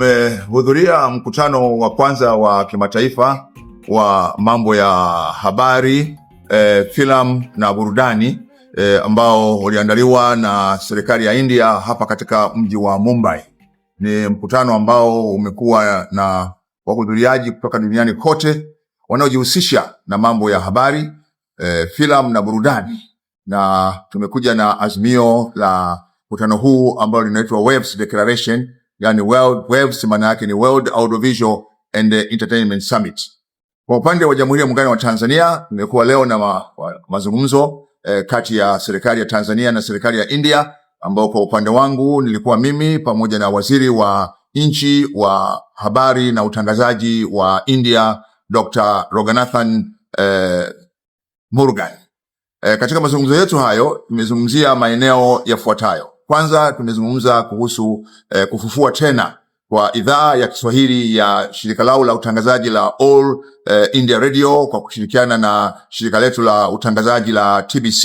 Tumehudhuria mkutano wa kwanza wa kimataifa wa mambo ya habari e, eh, filamu na burudani e, ambao uliandaliwa na serikali ya India hapa katika mji wa Mumbai. Ni mkutano ambao umekuwa na wahudhuriaji kutoka duniani kote wanaojihusisha na mambo ya habari e, eh, filamu na burudani, na tumekuja na azimio la mkutano huu ambalo linaitwa Waves Declaration yani World Waves, maana yake ni World Audiovisual and Entertainment Summit. Kwa upande wa Jamhuri ya Muungano wa Tanzania, nimekuwa leo na ma, wa, mazungumzo eh, kati ya serikali ya Tanzania na serikali ya India ambao kwa upande wangu nilikuwa mimi pamoja na waziri wa nchi wa habari na utangazaji wa India Dr. Roganathan eh, Murugan. Eh, katika mazungumzo yetu hayo nimezungumzia maeneo yafuatayo: kwanza tumezungumza kuhusu eh, kufufua tena kwa idhaa ya Kiswahili ya shirika lao la utangazaji la All eh, India Radio kwa kushirikiana na shirika letu la utangazaji la TBC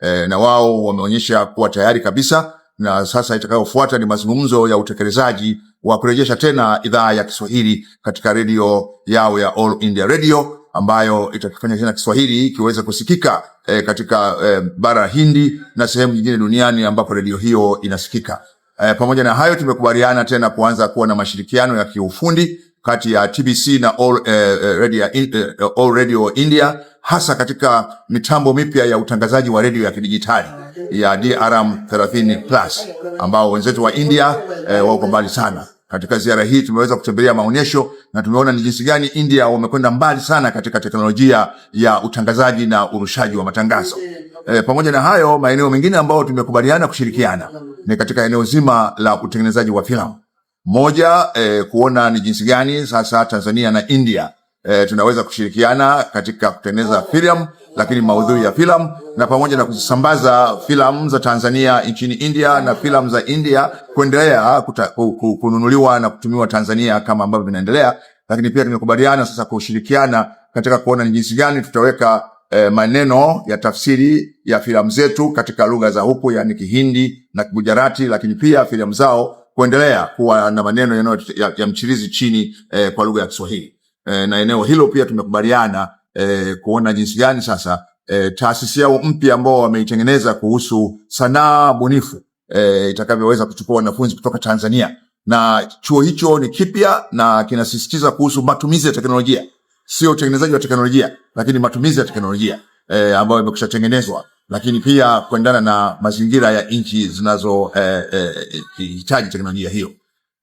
eh, na wao wameonyesha kuwa tayari kabisa, na sasa itakayofuata ni mazungumzo ya utekelezaji wa kurejesha tena idhaa ya Kiswahili katika redio yao ya All India Radio ambayo itakifanya tena Kiswahili kiweze kusikika e, katika e, bara Hindi na sehemu nyingine duniani ambapo redio hiyo inasikika. E, pamoja na hayo tumekubaliana tena kuanza kuwa na mashirikiano ya kiufundi kati ya TBC na All, eh, Radio, eh, All Radio India hasa katika mitambo mipya ya utangazaji wa redio ya kidijitali ya DRM 30 plus ambao wenzetu wa India eh, wako mbali sana. Katika ziara hii tumeweza kutembelea maonyesho na tumeona ni jinsi gani India wamekwenda mbali sana katika teknolojia ya utangazaji na urushaji wa matangazo. E, pamoja na hayo maeneo mengine ambayo tumekubaliana kushirikiana ni katika eneo zima la utengenezaji wa filamu. Moja, e, kuona ni jinsi gani sasa Tanzania na India e, tunaweza kushirikiana katika kutengeneza oh. filamu lakini maudhui ya filamu na pamoja na kuzisambaza filamu za Tanzania nchini India na filamu za India kuendelea kuta, kununuliwa na kutumiwa Tanzania kama ambavyo vinaendelea. Lakini pia tumekubaliana sasa kushirikiana katika kuona ni jinsi gani tutaweka eh, maneno ya tafsiri ya filamu zetu katika lugha za huku, yani Kihindi na Gujarati, lakini pia filamu zao kuendelea kuwa na maneno ya, ya, ya mchirizi chini eh, kwa lugha ya Kiswahili eh, na eneo hilo pia tumekubaliana eh, kuona jinsi gani sasa eh, taasisi yao mpya ambao wameitengeneza kuhusu sanaa bunifu eh, itakavyoweza kuchukua wanafunzi kutoka Tanzania na chuo hicho ni kipya na kinasisitiza kuhusu matumizi ya teknolojia, sio utengenezaji wa teknolojia, lakini matumizi ya teknolojia e, ambayo imekusha tengenezwa, lakini pia kuendana na mazingira ya nchi zinazohitaji eh, eh, e, e, teknolojia hiyo.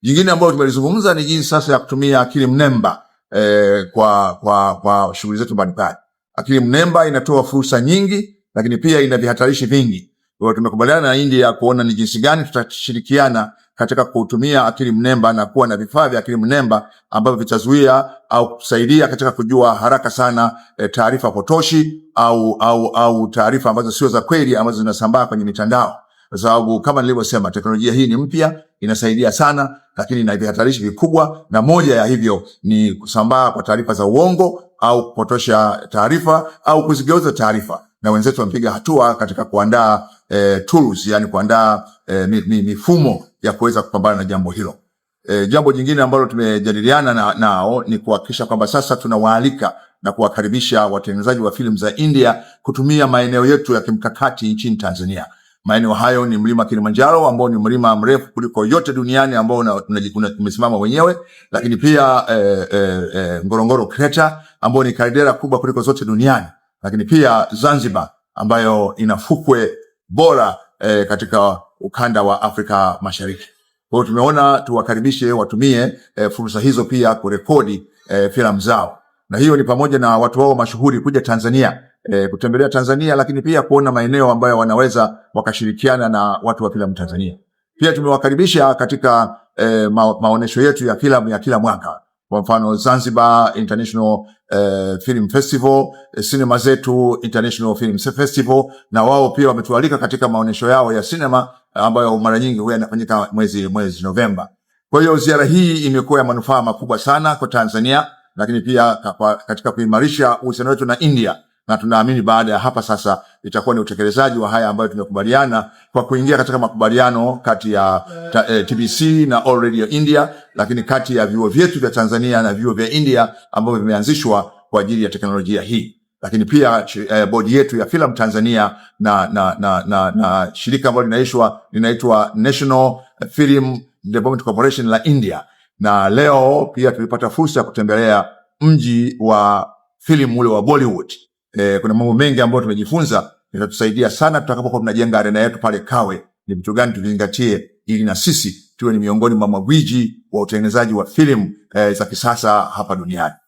Jingine ambayo tumelizungumza ni jinsi sasa ya kutumia akili mnemba eh, kwa, kwa, kwa shughuli zetu mbalimbali. Akili mnemba inatoa fursa nyingi, lakini pia ina vihatarishi vingi. Kwa tumekubaliana na India kuona ni jinsi gani tutashirikiana katika kutumia akili mnemba na kuwa na vifaa vya akili mnemba ambavyo vitazuia au kusaidia katika kujua haraka sana e, taarifa potoshi au au au taarifa ambazo sio za kweli ambazo zinasambaa kwenye mitandao, kwa sababu kama nilivyosema teknolojia hii ni mpya inasaidia sana, lakini na vihatarishi vikubwa, na moja ya hivyo ni kusambaa kwa taarifa za uongo au kupotosha taarifa au kuzigeuza taarifa, na wenzetu wamepiga hatua katika kuandaa e, tools, yani kuandaa eh, mifumo ya kuweza kupambana na jambo hilo. E, jambo jingine ambalo tumejadiliana na, nao ni kuhakikisha kwamba sasa tunawaalika na kuwakaribisha watengenezaji wa filamu za India kutumia maeneo yetu ya kimkakati nchini Tanzania. Maeneo hayo ni mlima Kilimanjaro ambao ni mlima mrefu kuliko yote duniani ambao umesimama wenyewe, lakini pia eh, eh, eh, Ngorongoro kreta ambao ni kaldera kubwa kuliko zote duniani, lakini pia Zanzibar ambayo ina fukwe bora eh, katika ukanda wa Afrika Mashariki. Kwa hiyo tumeona tuwakaribishe watumie eh, fursa hizo pia kurekodi eh, filamu zao, na hiyo ni pamoja na watu wao mashuhuri kuja Tanzania e, kutembelea Tanzania, lakini pia kuona maeneo ambayo wanaweza wakashirikiana na watu wa filamu Tanzania. Pia tumewakaribisha katika e, ma, maonyesho yetu ya filamu ya kila mwaka kwa mfano Zanzibar International uh, Film Festival, sinema zetu International Film Festival, na wao pia wametualika katika maonyesho yao ya sinema ambayo mara nyingi huwa yanafanyika mwezi mwezi Novemba. Kwa hiyo ziara hii imekuwa ya manufaa makubwa sana kwa Tanzania, lakini pia katika kuimarisha uhusiano wetu na India na tunaamini baada ya hapa sasa itakuwa ni utekelezaji wa haya ambayo tumekubaliana kwa kuingia katika makubaliano kati ya ta, eh, TBC na All Radio India, lakini kati ya vyuo vyetu vya Tanzania na vyuo vya India ambavyo vimeanzishwa kwa ajili ya teknolojia hii, lakini pia eh, bodi yetu ya filamu Tanzania na, na, na, na, na shirika ambalo linaitwa National Film Development Corporation la India. Na leo pia tulipata fursa ya kutembelea mji wa filamu ule wa Bollywood E, kuna mambo mengi ambayo tumejifunza yatatusaidia sana tutakapokuwa tunajenga arena yetu pale Kawe. Ni vitu gani tuvizingatie ili na sisi tuwe ni miongoni mwa magwiji wa utengenezaji wa filamu e, za kisasa hapa duniani.